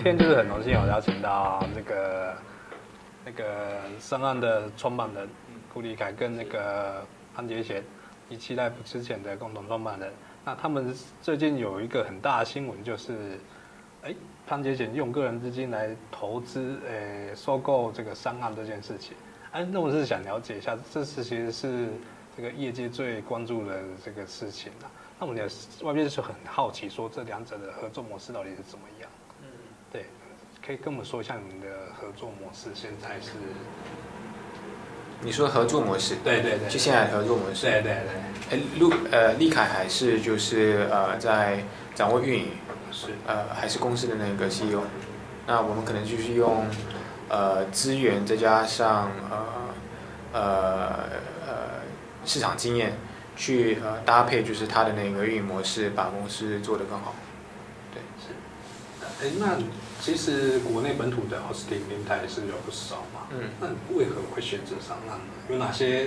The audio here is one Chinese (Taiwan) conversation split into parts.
今天就是很榮幸，我邀請到那、這個那個 SoundOn 的創辦人顧立楷跟那個潘杰賢 M17 之前的共同創辦人。那他們最近有一個很大的新聞，就是哎、欸，潘杰賢用個人資金來投資，哎、欸，收購這個 SoundOn 這件事情。哎、啊，那我是想了解一下，這事其實是這個業界最關注的這個事情，啊，那我們也外面就是很好奇說，說這兩者的合作模式到底是怎麼樣。可以跟我說一下你的合作模式現在是？你說合作模式？對對對。就現在合作模式？對對對。哎，陸呃，立楷還是就是呃，在掌握運營？是。呃，還是公司的那個 CEO？那我們可能就是用呃資源，再加上呃呃呃市場經驗，去呃搭配，就是他的那個運營模式，把公司做得更好。對。是。哎，那。其實國內本土的 hosting 平台是有不少嘛，嗯，那為何會選擇上岸？那有哪些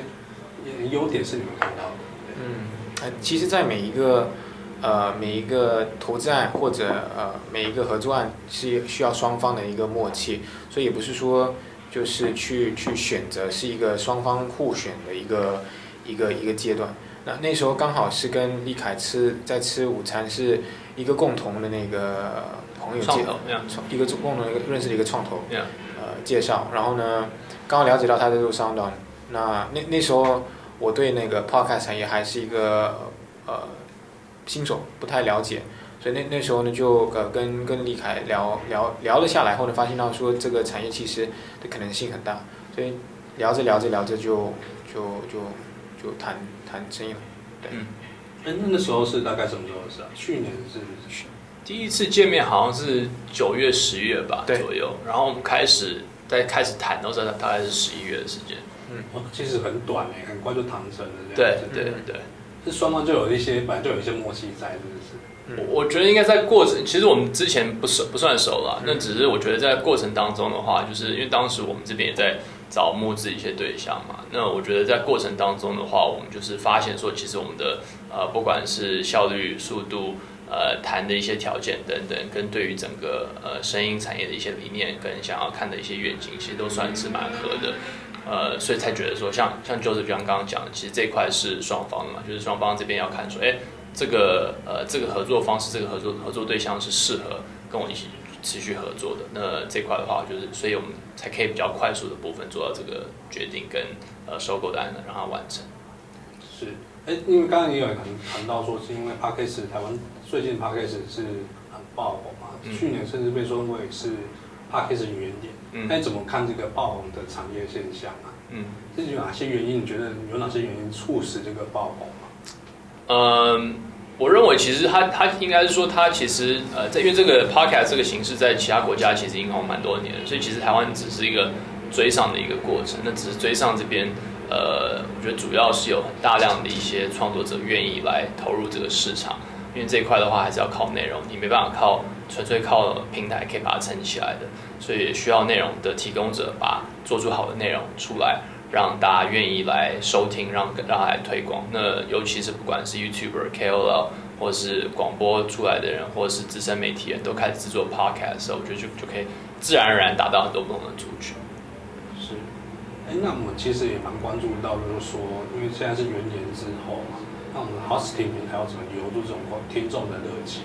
優點是你們看到的？嗯，其實，在每一個呃每一個投資案或者呃每一個合作案，是需要雙方的一個默契，所以也不是說就是去去選擇，是一個雙方互選的一個一個一個階段。那那時候剛好是跟立楷吃在吃午餐，是一個共同的那個。朋友介紹，yeah. 一個共同個認識的一個創投，yeah. 呃、介紹，然後呢，剛剛了解到他在做 SoundOn，那那那時候我對那個 Podcast 產業還是一個呃新手，不太了解，所以那那時候呢就呃跟跟立楷聊聊聊了下來後呢，發現到說這個產業其實的可能性很大，所以聊着聊着聊着就就就就，就談談成了，對。嗯，欸、那那個、時候是大概什麼時候的事啊？去年是？是是是第一次見面好像是九月、十月吧，對左右，然後我們開始在開始談，到在大概是十一月的時間。嗯，哦、其實很短、欸、很快就談成了這樣。對對對，是雙方就有一些本來就有一些默契在，是不是？我我覺得應該在過程，其實我們之前不熟不算熟了、嗯，那只是我覺得在過程當中的話，就是因為當時我們這邊也在找募資一些對象嘛，那我覺得在過程當中的話，我們就是發現說，其實我們的呃不管是效率、速度。呃，談的一些條件等等，跟對於整個呃聲音產業的一些理念跟想要看的一些願景，其實都算是蠻合的，呃，所以才覺得說像，像像就是比方剛剛講的，其實這塊是雙方的嘛，就是雙方這邊要看說，哎，這個呃這個合作方式，這個合作合作對象是適合跟我一起持續合作的，那這塊的話就是，所以我們才可以比較快速的部分做到這個決定跟呃收購的案子讓它完成。是，哎，因為剛剛也有談談到說，是因為帕克斯台灣。最近 Podcast 是很爆紅嘛，嗯？去年甚至被說為是 Podcast 原點。那，嗯，你怎麼看這個爆紅的產業現象啊？嗯，是有哪些原因？你覺得有哪些原因促使這個爆紅？嗯，我認為其實它它應該是說它其實呃，在因為這個 Podcast 這個形式在其他國家其實已經有蠻多年，所以其實台灣只是一個追上的一個過程。那只是追上這邊呃，我覺得主要是有大量的一些創作者願意來投入這個市場。因為這一塊的話，還是要靠內容，你沒辦法靠純粹靠平台可以把它撐起來的，所以需要內容的提供者把做出好的內容出來，讓大家願意來收聽，讓讓它來推廣。那尤其是不管是 YouTuber、KOL，或是廣播出來的人，或是資深媒體人都開始製作 Podcast 的時候，我覺得就就可以自然而然達到很多不同的族群。是，哎、欸，那我們其實也蠻關注到，就是說，因為現在是元年之後。那我們 hosting 平台有什麼留住這種聽眾的樂趣？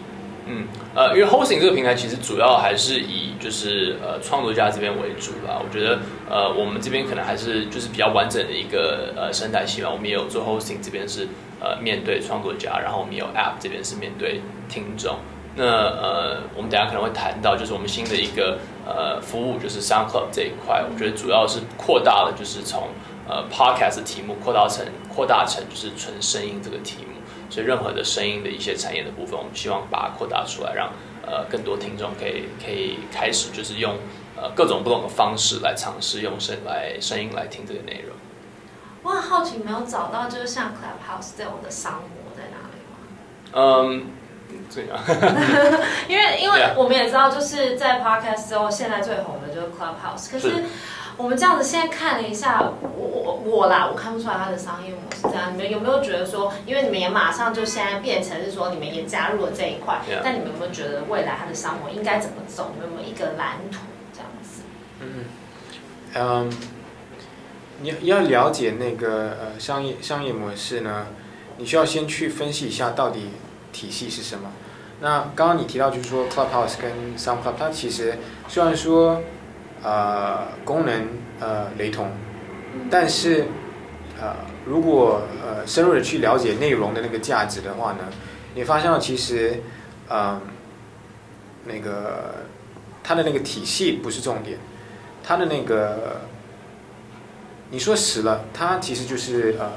嗯，呃，因為 hosting 這個平台其實主要還是以就是呃創作家這邊為主吧。我覺得呃，我們這邊可能還是就是比較完整的一個呃生態系統。我們也有做 hosting 這邊是呃面對創作家，然後我們有 app 這邊是面對聽眾。那呃，我們等下可能會談到就是我們新的一個呃服務，就是 SoundClub 這一塊，我覺得主要是擴大了，就是從呃，Podcast 題目擴大成擴大成就是純聲音這個題目，所以任何的聲音的一些產業的部分，我們希望把它擴大出來，讓、呃、更多聽眾可以可以開始就是用、呃、各種不同的方式來嘗試用聲，用聲來聲音來聽這個內容。我很好奇沒有找到，就是像 Clubhouse 這樣的商業模式在哪裡嗎？嗯、um,。 因為因為、yeah. 我們也知道，就是在 Podcast 之後，現在最紅的就是 Clubhouse。可是我們這樣子現在看了一下我，我我我啦，我看不出來他的商業模式。這樣，你們有沒有覺得說，因為你們也馬上就現在變成是說，你們也加入了這一塊，yeah. 但你們有沒有覺得未來他的商模應該怎麼走？你們有沒有一個藍圖這樣子？嗯嗯，um, 你要，要了解那個呃商業商業模式呢，你需要先去分析一下到底。體系是什麼？那剛剛你提到，就是說，Clubhouse 跟 SoundClub 它其實雖然說，呃，功能呃雷同，但是，呃，如果呃深入的去了解內容的那個價值的話呢，你發現了其實，嗯、呃，那個它的那個體系不是重點，它的那個你說實了，它其實就是呃。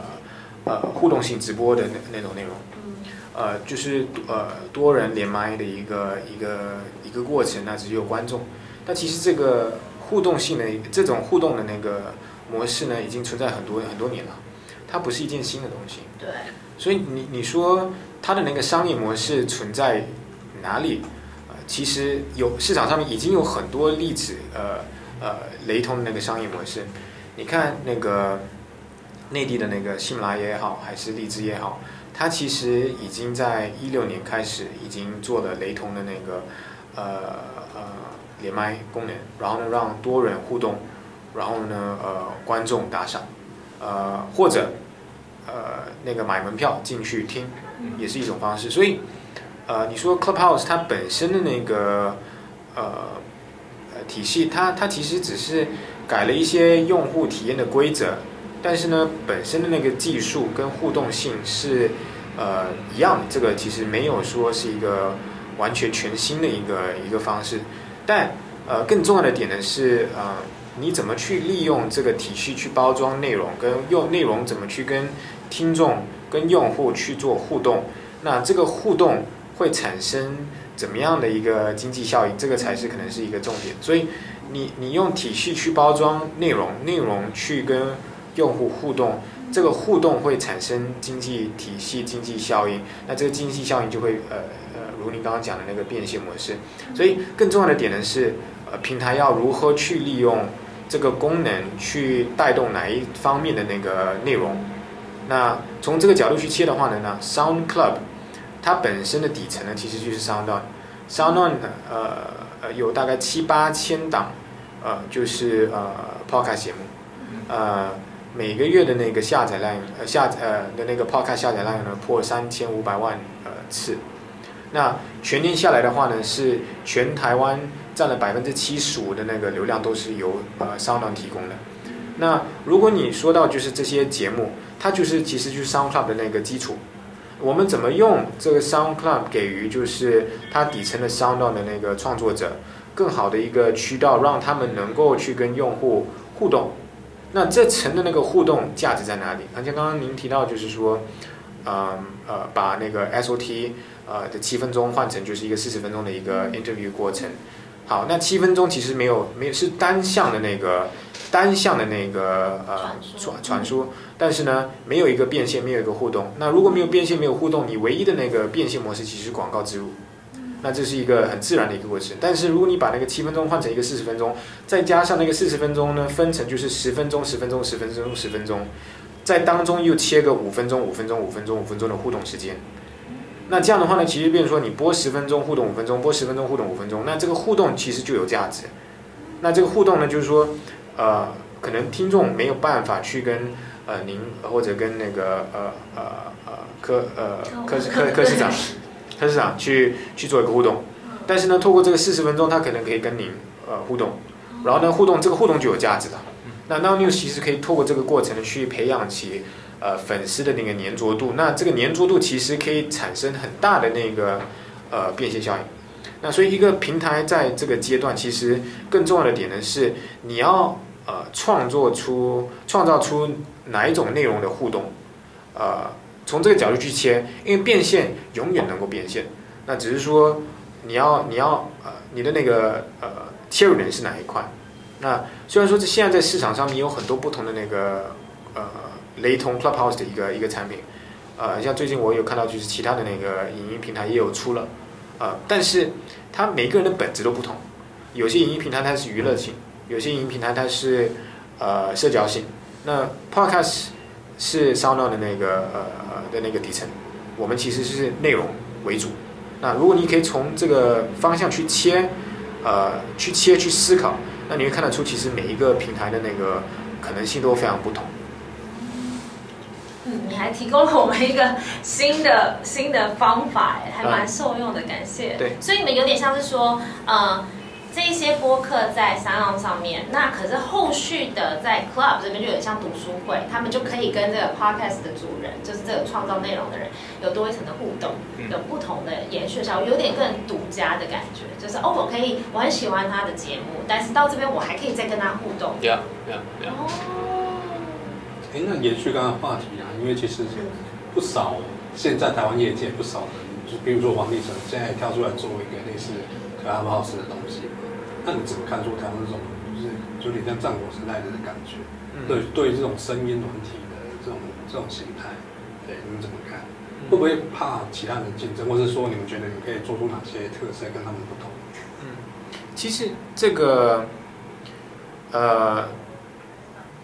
呃，互動性直播的那那種內容，呃，就是呃多人連麥的一個一個一個過程，那只有觀眾。但其實這個互動性的這種互動的那個模式呢，已經存在很多很多年了，它不是一件新的東西。對。所以你你說它的那個商業模式存在哪裡？呃，其實有市場上面已經有很多例子，呃呃雷同的那個商業模式。你看那個。內地的那個喜馬拉雅也好，還是荔枝也好，它其實已經在一六年開始已經做了雷同的那個，呃呃連麥功能，然後呢讓多人互動，然後呢呃觀眾打賞，呃或者呃那個買門票進去聽也是一種方式，所以呃你說 Clubhouse 它本身的那個呃呃體系，它，它其實只是改了一些用戶體驗的規則。但是呢，本身的那個技術跟互動性是，呃，一樣的。這個其實沒有說是一個完全全新的一個一個方式。但，呃，更重要的點呢是，呃，你怎麼去利用這個體系去包裝內容，跟用內容怎麼去跟聽眾、跟用戶去做互動？那這個互動會產生怎麼樣的一個經濟效益？這個才是可能是一個重點。所以你，你你用體系去包裝內容，內容去跟用戶互動，這個互動會產生經濟體系經濟效應，那這個經濟效應就會呃呃，如您剛剛講的那個變現模式。所以更重要的點呢是，呃，平台要如何去利用這個功能去帶動哪一方面的那個內容？那從這個角度去切的話呢，呢，SoundClub，它本身的底層呢其實就是 SoundOn，SoundOn 呃呃有大概七八千檔呃就是呃 Podcast 節目，呃。每個月的那個下載量，下載呃下呃的那個 Podcast 下載量呢破三千五百萬呃次，那全年下來的話呢是全台灣占了百分之七十五的那個流量都是由呃 SoundOn 提供的。那如果你說到就是這些節目，它就是其實就是 SoundClub 的那個基礎。我們怎麼用這個 SoundClub 給予就是它底層的 SoundOn 的那個創作者更好的一個渠道，讓他們能夠去跟用戶互動。那這層的那個互動價值在哪裡？而且剛剛您提到就是說，嗯呃，把那個 SOT 呃的七分鐘換成就是一個四十分鐘的一個 interview 過程。好，那七分鐘其實沒有沒有是單向的那個單向的那個呃傳傳，傳輸，但是呢沒有一個變現，沒有一個互動。那如果沒有變現，沒有互動，你唯一的那個變現模式其實是廣告植入。那這是一個很自然的一個過程，但是如果你把那個七分鐘換成一個四十分鐘，再加上那個四十分鐘呢，分成就是十分鐘、十分鐘、十分鐘、十分鐘，在當中又切個五分鐘、五分鐘、五分鐘、五分鐘的互動時間。那這樣的話呢，其實變說你播十分鐘互動五分鐘，播十分鐘互動五分鐘，那這個互動其實就有價值。那這個互動呢，就是說，呃，可能聽眾沒有辦法去跟呃您或者跟那個呃呃科呃科呃科科科市長。 他是想去去做一個互動，但是呢，透過這個四十分鐘，他可能可以跟您呃互動，然後呢，互動，這個互動就有價值的。那 NOWnews 其實可以透過這個過程去培養起呃粉絲的那個黏着度，那這個黏着度其實可以產生很大的那個呃變現效應。那所以一個平台在這個階段，其實更重要的點呢是你要呃創作出創造出哪一種內容的互動，呃。從這個角度去切，因為變現永遠能夠變現，那只是說你要你要呃你的那個呃切入點是哪一塊？那雖然說這現在在市場上面有很多不同的那個呃雷同 Clubhouse 的一個一個產品，呃像最近我有看到就是其他的那個影音平台也有出了，呃但是它每個人的本質都不同，有些影音平台它是娛樂性，有些影音平台它是呃社交性，那 Podcast。是 SoundOn 的那個呃的那個底層，我們其實是內容為主。那如果你可以從這個方向去切，呃，去切去思考，那你會看得出，其實每一個平台的那個可能性都非常不同。嗯，你還提供了我們一個新的新的方法，還蠻受用的，感謝。啊，對，所以你們有點像是說，呃。這一些播客在 Sound 上面，那可是後續的在 Club 這邊就有點像讀書會，他們就可以跟這個 Podcast 的主人，就是這個創造內容的人，有多一層的互動，有不同的延續效果，有點更獨家的感覺。就是偶爾、哦、可以，我很喜歡他的節目，但是到這邊我還可以再跟他互動。對啊，對啊，對啊。哦。哎、欸，那延續剛剛話題啊，因為其實不少，現在台灣業界不少人，的就比如說王立成現在跳出來做一個類似。啊，不好吃的東西。那你怎麼看出他們這種就是就有點像戰國時代的感覺，對對，這種聲音軟體的這種這種形態，對你們怎麼看？會不會怕其他人競爭，或者說你們覺得你可以做出哪些特色跟他們不同？其實這個，呃，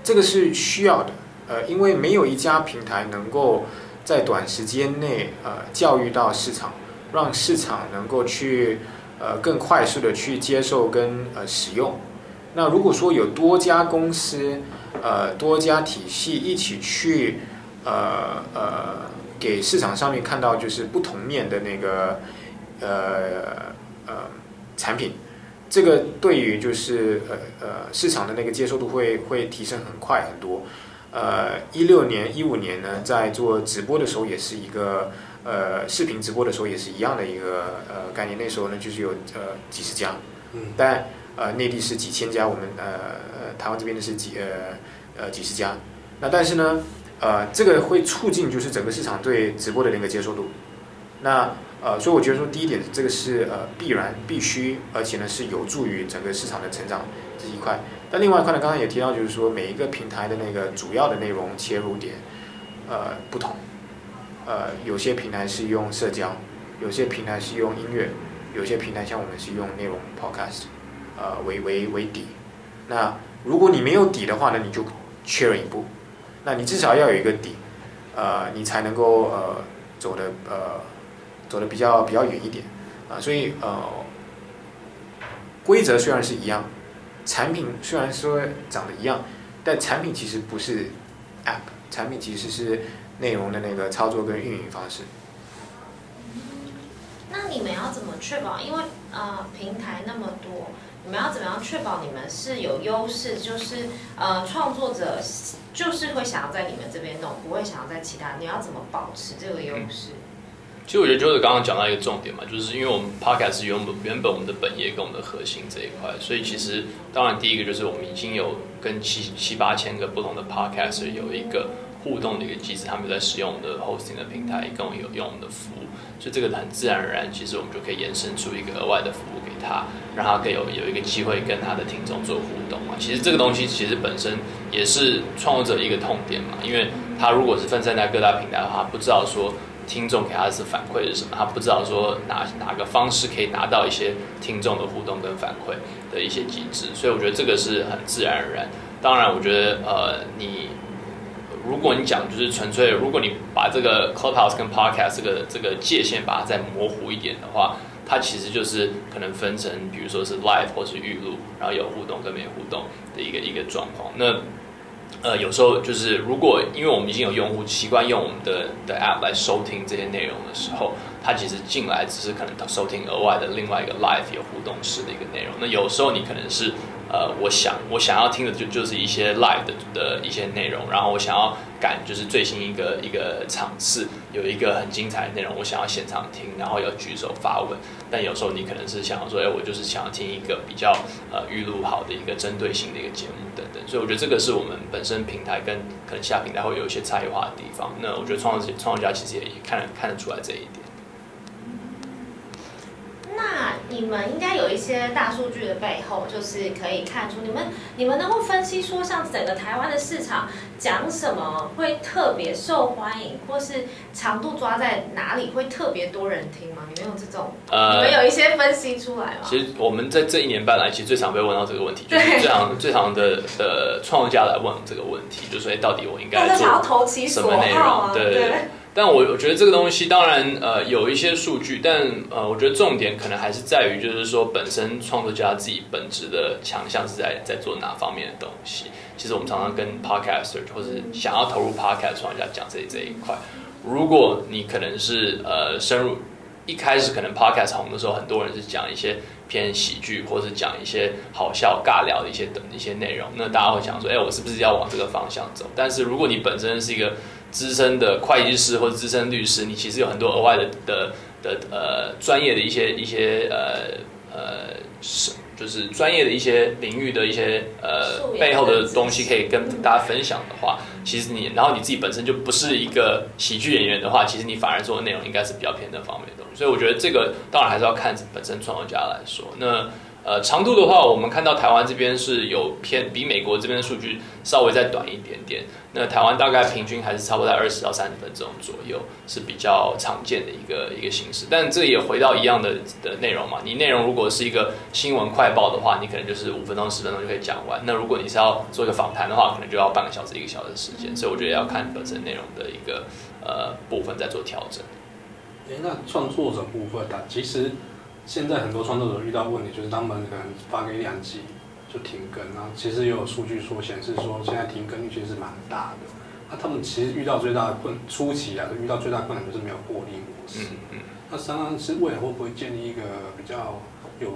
這個是需要的，呃，因為沒有一家平台能夠在短時間內呃教育到市場，讓市場能夠去。呃，更快速的去接受跟呃使用。那如果說有多家公司，呃，多家體系一起去，呃呃，給市場上面看到就是不同面的那個呃呃產品，這個對於就是呃呃市場的那個接受度會會提升很快很多。呃，一六年、一五年呢，在做直播的時候也是一個。呃，視頻直播的時候也是一樣的一個呃概念。那時候呢就是有呃幾十家，嗯，但呃內地是幾千家，我們呃台灣這邊的是幾呃呃幾十家，那但是呢呃這個會促進就是整個市場對直播的那個接受度，那呃所以我覺得說第一點這個是呃必然必須，而且呢是有助於整個市場的成長這一塊，但另外一塊呢剛剛也提到就是說每一個平台的那個主要的內容切入點呃不同。呃，有些平台是用社交，有些平台是用音樂，有些平台像我們是用內容 Podcast，呃，為為為底。那如果你沒有底的話呢，你就確認一步。那你至少要有一個底，呃，你才能夠呃走得呃走得比較比較遠一點。啊、呃，所以呃規則雖然是一樣，產品雖然說長得一樣，但產品其實不是 App，產品其實是。內容的那個操作跟運營方式，嗯、那你們要怎麼確保？因為啊、呃，平台那麼多，你們要怎麼樣確保你們是有優勢？就是呃，創作者就是會想要在你們這邊弄，不會想要在其他。你要怎麼保持這個優勢、嗯？其實我覺得就是剛剛講到一個重點嘛，就是因為我們 Podcast 原本原本我們的本業跟我們的核心這一塊，所以其實當然第一個就是我們已經有跟七七八千個不同的 Podcast 有一個。嗯互動的一個機制，他們在使用的 hosting 的平台，跟我有用的服務，所以這個很自然而然，其實我們就可以延伸出一個額外的服務給他，讓他更有有一個機會跟他的聽眾做互動嘛。其實這個東西其實本身也是創作者一個痛點嘛，因為他如果是分散在各大平台的話，不知道說聽眾給他是反饋是什麼，他不知道說哪哪個方式可以拿到一些聽眾的互動跟反饋的一些機制，所以我覺得這個是很自然而然。當然，我覺得呃，你。如果你講就是純粹，如果你把這個 Clubhouse 跟 podcast 這個這個界限，把它再模糊一點的話，它其實就是可能分成，比如說是 live 或是預錄，然後有互動跟沒互動的一個一個狀況。那，呃，有時候就是如果因為我們已經有用戶習慣用我們的的 app 來收聽這些內容的時候，它其實進來只是可能收聽額外的另外一個 live 有互動式的一個內容。那有時候你可能是，呃，我想我想要聽的就就是一些 live 的，的一些內容，然後我想要趕就是最新一個一個場次，有一個很精彩的內容，我想要現場聽，然後要舉手發問。但有時候你可能是想要說，哎，我就是想要聽一個比較呃預錄好的一個針對性的一個節目等等。所以我覺得這個是我們本身平台跟可能下平台會有一些差異化的地方。那我覺得創作創作家其實也看得看得出來這一點。那你們應該有一些大數據的背後，就是可以看出你們，你們能夠分析說，像整個台灣的市場講什麼會特別受歡迎，或是長度抓在哪裡會特別多人聽嗎？你們有這種、呃，你們有一些分析出來嗎？其實我們在這一年半來，其實最常被問到這個問題，就是最常 最常的的創業家來問這個問題，就是說哎，到底我應該做好投其所什麼內容？啊、對。對但我我覺得這個東西當然呃有一些數據，但呃我覺得重點可能還是在於就是說，本身創作家自己本質的強項是在在做哪方面的東西。其實我們常常跟 podcaster 或是想要投入 podcast 創作者講這這一塊，如果你可能是呃深入一開始可能 podcast 紅的時候，很多人是講一些偏喜劇或是講一些好笑尬聊的一些等一些內容，那大家會想說，哎、欸，我是不是要往這個方向走？但是如果你本身是一個資深的會計師或者資深律師，你其實有很多額外的的的呃專業的一些一些呃呃是就是專業的一些領域的一些呃背後的東西可以跟大家分享的話，其實你然後你自己本身就不是一個喜劇演員的話，其實你反而做的內容應該是比較偏這方面的東西。所以我覺得這個當然還是要看本身創作家來說那。呃，長度的話，我們看到台灣這邊是有偏比美國這邊的數據稍微再短一點點。那台灣大概平均還是差不多在二十到三十分鐘左右，是比較常見的一個一個形式。但這也回到一樣的的內容嘛，你內容如果是一個新聞快報的話，你可能就是五分鐘、十分鐘就可以講完。那如果你是要做一個訪談的話，可能就要半個小時、一個小時時間。所以我覺得要看本身內容的一個呃部分在做調整。誒，那創作者部分啊，其實。現在很多創作者遇到問題，就是他們可能發給兩集就停更，然後其實也有數據說顯示說現在停更率其實是蠻大的。那、啊、他們其實遇到最大的困，初期啊就遇到最大困難就是沒有獲利模式。那相當是未來會不會建立一個比較有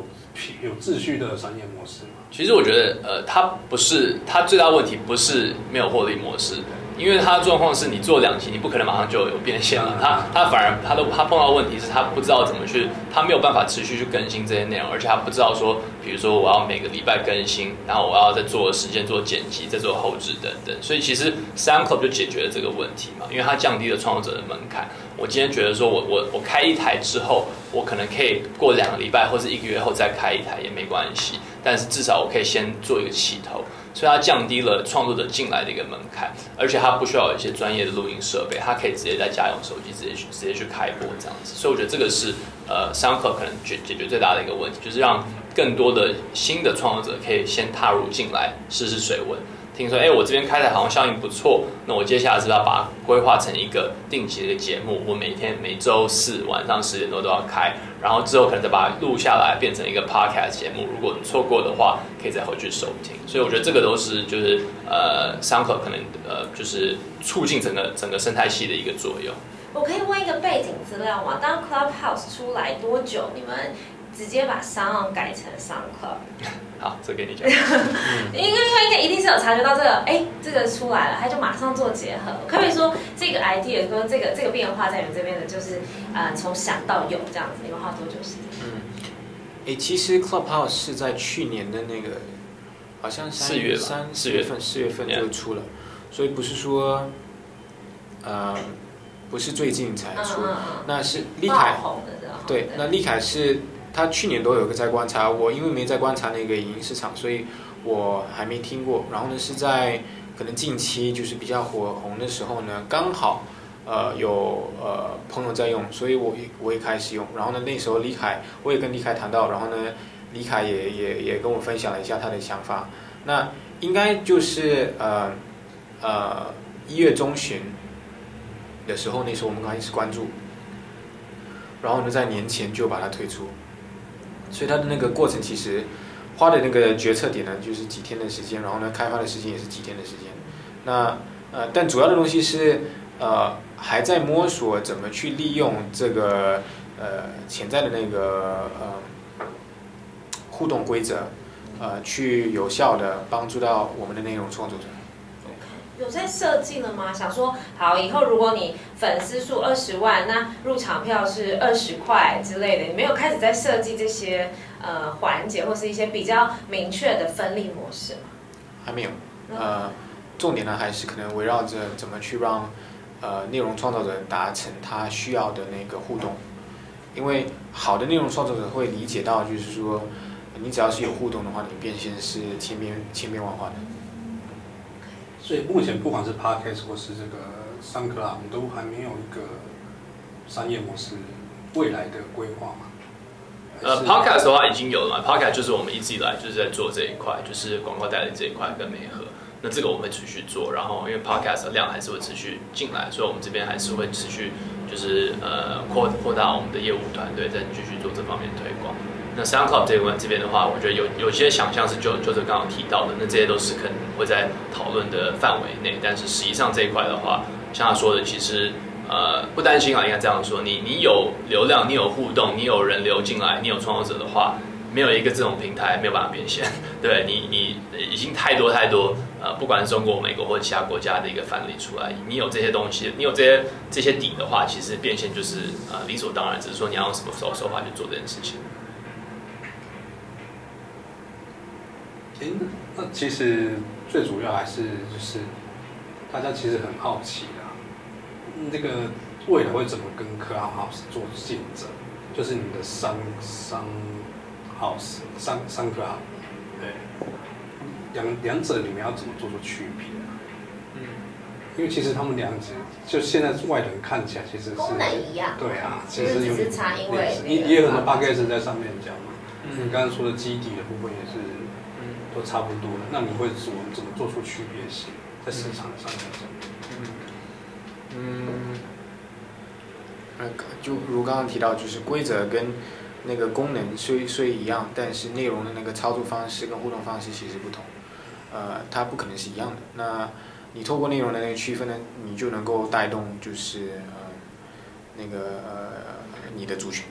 有，有秩序的商業模式？其實我覺得，呃，它不是它最大問題，不是沒有獲利模式。對。因為他的狀況是你做兩期，你不可能馬上就有變現了。他他反而他都他碰到問題是他不知道怎麼去，他沒有辦法持續去更新這些內容，而且他不知道說，比如說我要每個禮拜更新，然後我要再做時間、做剪輯、再做後製等等。所以其實 SoundClub 就解決了這個問題嘛，因為它降低了創作者的門檻。我今天覺得說我我我開一台之後，我可能可以過兩個禮拜或是一個月後再開一台也沒關係，但是至少我可以先做一個起頭。所以它降低了創作者進來的一個門檻，而且它不需要一些專業的錄音設備，它可以直接在家用手機直接去直接去開播這樣子。所以我覺得這個是呃，SoundClub 可能解解決最大的一個問題，就是讓更多的新的創作者可以先踏入進來，試試水溫。聽說哎、欸，我這邊開的好像效應不錯，那我接下來是要把它規劃成一個定期的節目，我每天每周四晚上十點多都要開，然後之後可能再把它錄下來變成一個 podcast 節目，如果你錯過的話，可以再回去收聽。所以我覺得這個都是就是呃，SoundClub 可能呃，就是促進整個整個生態系的一個作用。我可以問一個背景資料嗎？當 Clubhouse 出來多久，你們？直接把 SoundOn 改成 SoundClub， 好，這給你講。因為因為應該一定是有察覺到這個，哎、欸，這個出來了，他就馬上做結合。可以說這個 idea，說這個這個變化在你們這邊的，就是啊，從、呃、想到有這樣子，你們花多久時間？嗯，哎、欸，其實 clubhouse 是在去年的那個，好像四月三四月，月份四月，月份就出了，yeah. 所以不是說，呃，不是最近才出，嗯嗯嗯嗯，那是立楷對，那立楷是。他去年都有個在觀察，我因為沒在觀察那個影音市場，所以我還沒聽過。然後呢，是在可能近期就是比較火紅的時候呢，剛好，呃，有呃朋友在用，所以我我也開始用。然後呢，那時候立楷我也跟立楷談到，然後呢，立楷也也也跟我分享了一下他的想法。那應該就是呃呃一月中旬的時候，那時候我們剛開始關注，然後呢在年前就把它推出。所以它的那個過程其實，花的那個決策點呢，就是幾天的時間，然後呢，開發的時間也是幾天的時間。那呃，但主要的東西是呃，還在摸索怎麼去利用這個呃潛在的那個呃互動規則，呃，去有效的幫助到我們的內容創作者。有在設計了嗎？想說好以後，如果你粉絲數二十萬，那入場票是二十塊之類的，你沒有開始在設計這些呃環節或是一些比較明確的分利模式嗎？還沒有。呃，重點呢還是可能圍繞着怎麼去讓呃內容創作者達成他需要的那個互動，因為好的內容創作者會理解到，就是說你只要是有互動的話，你變現是千變千變萬化的。所以目前不管是 podcast 或是這個 SoundClub 啊，我們都還沒有一個商業模式未來的規劃嘛，呃，podcast 的話已經有了嘛，podcast 就是我們一直以來就是在做這一塊，就是廣告代理這一塊跟媒合，那這個我們會持續做，然後因為 podcast 的量還是會持續進來，所以我們這邊還是會持續就是呃擴擴大我們的業務團隊，再繼續做這方面推廣。那 SoundClub 這一塊這邊的話，我覺得有有些想象是就就是剛剛提到的，那這些都是可能會在討論的範圍內。但是實際上這一塊的話，像他說的，其實呃不擔心啊，應該這樣說，你你有流量，你有互動，你有人流進來，你有創作者的話，沒有一個這種平台沒有辦法變現。對，你你已經太多太多呃，不管是中國、美國或者其他國家的一個範例出來，你有這些東西，你有這些這些底的話，其實變現就是呃理所當然，只是說你要用什麼手手法去做這件事情。欸、那其實最主要還是就是大家其實很好奇的啊，那個未來會怎麼跟科 s e 做競爭？就是你的商商 house 三、商商科號，對，兩兩者你們要怎麼做出區別、啊？嗯，因為其實他們兩者就現在外人看起來其實是一樣，對啊，其實有其實差，因為也、那、也、個、有很多 b u c g e s 在上面講嘛，嗯、你剛剛說的基底的部分也是。都差不多了，那你會怎麼怎麼做出區別是在市場上面做？嗯，嗯，那個就如剛剛提到，就是規則跟那個功能雖雖一樣，但是內容的那個操作方式跟互動方式其實不同，呃，它不可能是一樣的。那你透過內容的那個區分呢，你就能夠帶動就是呃那個呃你的族群，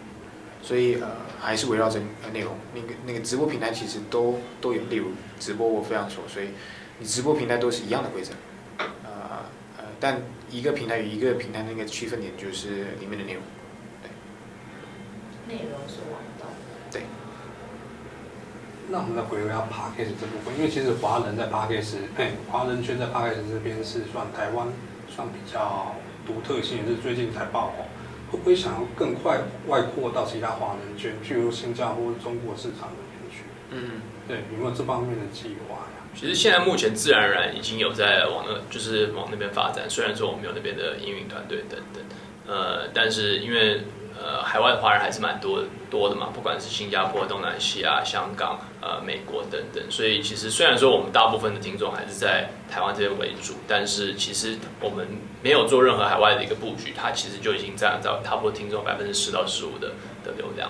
所以呃。還是圍繞着內容，那個那個直播平台其實都都有，例如直播我非常熟，所以你直播平台都是一樣的規則，呃呃，但一個平台與一個平台的那個區分點就是裡面的內容，對。內容是王道。對。那我們再回回到 Podcast 這部分，因為其實華人在 Podcast，哎、欸，華人圈在 Podcast 這邊是算台灣算比較獨特性，是最近才爆火。會不會想要更快外擴到其他華人圈，譬如新加坡、中國市場裡面去？嗯，對，你有沒有這方面的計劃呀、啊？其實現在目前自然而然已經有在往那，就是往那邊發展。雖然說我們有那邊的營運團隊等等，呃，但是因為。呃，海外的華人還是蠻多多的嘛，不管是新加坡、東南西亞、香港、呃，美國等等。所以其實雖然說我們大部分的聽眾還是在台灣這邊為主，但是其實我們沒有做任何海外的一個佈局，它其實就已經佔到差不多聽眾百分之十到十五的的流量。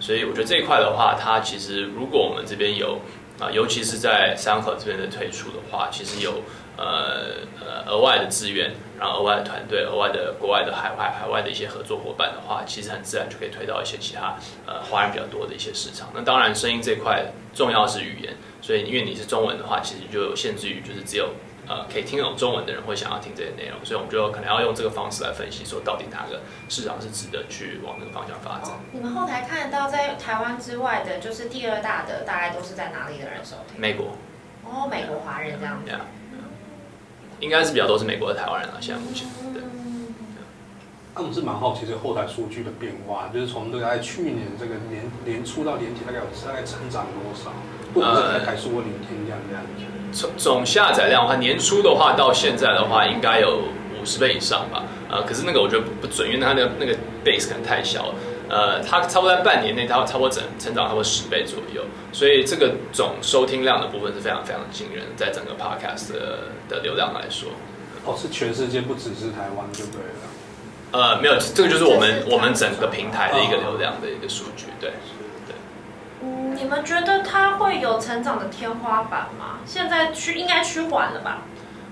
所以我覺得這一塊的話，它其實如果我們這邊有啊、呃，尤其是在三河這邊的推出的話，其實有呃呃額外的資源。然後額外的團隊、額外的國外的海外、海外的一些合作夥伴的話，其實很自然就可以推到一些其他呃華人比較多的一些市場。那當然，聲音這塊重要是語言，所以因為你是中文的話，其實就有限製於就是只有呃可以聽懂中文的人會想要聽這些內容，所以我們就可能要用這個方式來分析，說到底哪個市場是值得去往那個方向發展。哦，你們後台看得到在台灣之外的，就是第二大的大概都是在哪裡的人收聽？美國。哦，美國華人這樣子。Yeah, yeah, yeah. 應該是比較多是美國的台灣人啦，啊，現在目前。對，那我們是蠻好奇，其實後台數據的變化，就是從這個在去年這個年年初到年底，大概有大概成長多少？呃，還是我聆聽量這樣從總下載量的話，年初的話到現在的話，應該有五十倍以上吧。啊、呃，可是那個我覺得不準，因為它的、那個、那個 base 可能太小了。呃，他差不多在半年內，他會差不多整成長差不多十倍左右，所以這個總收聽量的部分是非常非常驚人的，在整個 podcast 的，的流量來說，哦，是全世界不只是台灣就對了。呃，沒有，這個就是我們、嗯、是我們整個平台的一個流量的一個數據，啊、對對。嗯，你們覺得它會有成長的天花板嗎？現在趨應該趨緩了吧？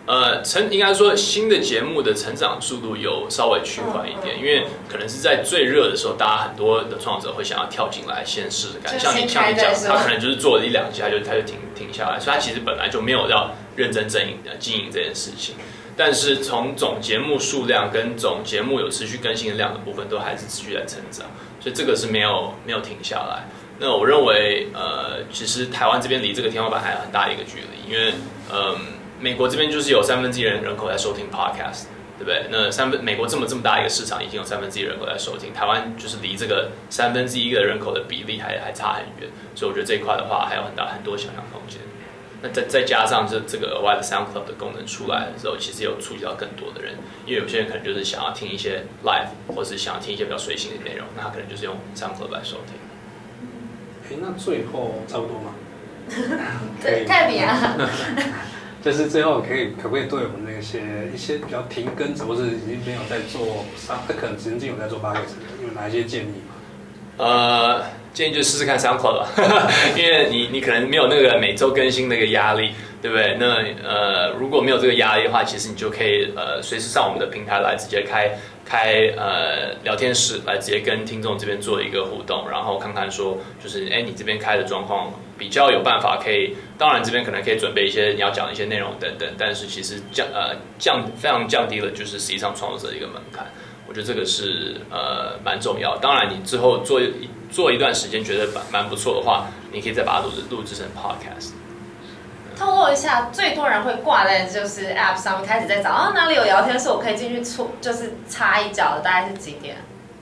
呃，成應該說新的節目的成長速度有稍微趨緩一點，嗯，因為可能是在最熱的時候，大家很多的創作者會想要跳進來先試，像你像你講，他可能就是做了一兩集，就他就停停下來，所以他其實本來就沒有要認真正營的經營這件事情。但是從總節目數量跟總節目有持續更新的量的部分，都還是持續在成長，所以這個是沒有沒有停下來。那我認為，呃，其實台灣這邊離這個天花板還有很大一個距離，因為嗯。呃美國這邊就是有三分之一人人口在收聽 podcast，對不對？那三分美國這麼這麼大一個市場，已經有三分之一人口在收聽。台灣就是離這個三分之一的人口的比例還還差很遠，所以我覺得這一塊的話還有很大很多想象空間。那再再加上這這個額外的 Sound Club 的功能出來的時候，其實也有觸及到更多的人，因為有些人可能就是想要聽一些 live，或是想要聽一些比較隨性的內容，那他可能就是用 Sound Club 來收聽。哎、欸，那最後差不多嗎？對 以、欸。太比亞。 但、就是最後可以可不可以對我們那些一些比較停更，或者是已經沒有在做商，那、啊、可能已經有在做 bug，有哪一些建議嗎？呃，建議就試試看 SoundClub 了， 因為你你可能沒有那個每周更新那個壓力，對不對？那呃如果沒有這個壓力的話，其實你就可以呃隨時上我們的平台來直接開開呃聊天室來直接跟聽眾這邊做一個互動，然後看看說就是哎、欸、你這邊開的狀況。比較有辦法可以，當然這邊可能可以準備一些你要講的一些內容等等，但是其實降呃降非常降低了就是實際上創作者的一個門檻，我覺得這個是呃蠻重要。當然你之後做做一段時間覺得蠻不錯的話，你可以再把它錄錄製成 podcast。透露一下，嗯，最多人會掛在就是 app 上面開始在找啊哪裡有聊天室，我可以進去出就是插一腳的大概是幾點？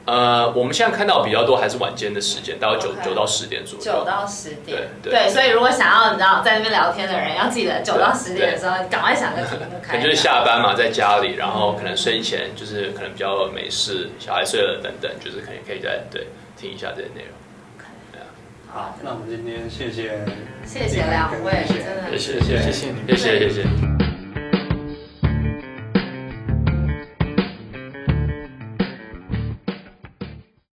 呃，我們現在看到比較多還是晚間的時間，大概九九、okay. 到十點左右。九到十點。對對，對，對。所以如果想要你知道在那邊聊天的人，要記得九到十點的時候趕快想個什麼開。可能就是下班嘛，在家裡，然後可能睡前就是可能比較沒事，小孩睡了等等，就是可以可以再對聽一下這些內容。okay.。好，那我們今天謝謝謝謝兩位謝謝，真的謝謝謝謝你們，謝謝謝謝。